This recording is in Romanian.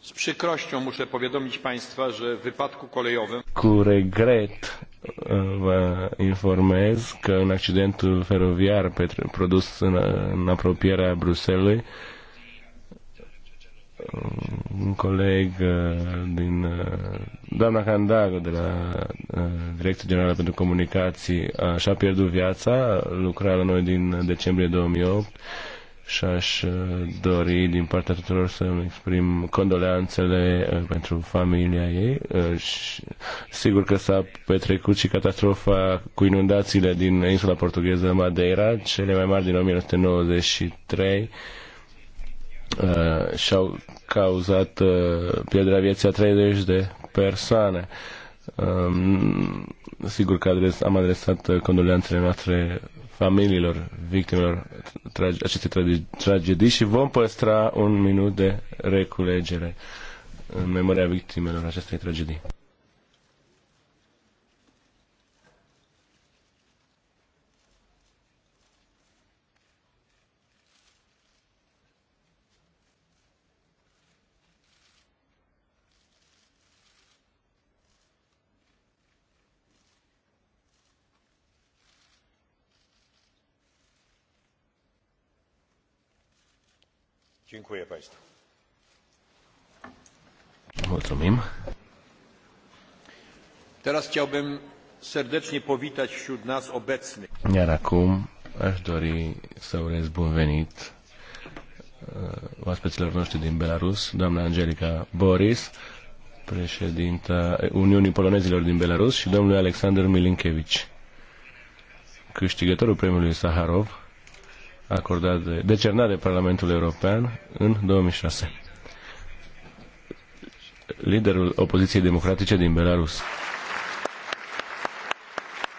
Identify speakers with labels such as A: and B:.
A: Z przykrością muszę powiadomić Państwa, że w wypadku kolejowym... Cu regret vă informez că în accidentul feroviar produs în, în apropierea Bruselei, un coleg din doamna Candago de la Direcția Generală pentru Comunicații, și-a pierdut viața, lucra la noi din decembrie 2008 și aș uh, dori din partea tuturor să îmi exprim condoleanțele uh, pentru familia ei. Uh, sigur că s-a petrecut și catastrofa cu inundațiile din insula portugheză Madeira, cele mai mari din 1993 și-au cauzat pierderea vieții a 30 de persoane. Uh, Um, sigur că adres, am adresat uh, condoleanțele noastre familiilor victimelor trage, acestei trage, tragedii și vom păstra un minut de reculegere în memoria victimelor acestei tragedii. Dziękuję Państwu. Mulțumim. Teraz chciałbym serdecznie powitać wśród nas obecnych. Iar acum aș dori să urez bun venit oaspeților noștri din Belarus, doamna Angelica Boris, președinta Uniunii Polonezilor din Belarus și domnul Alexander Milinkevici, câștigătorul premiului Saharov acordat de, decernat de Parlamentul European în 2006. Liderul opoziției democratice din Belarus.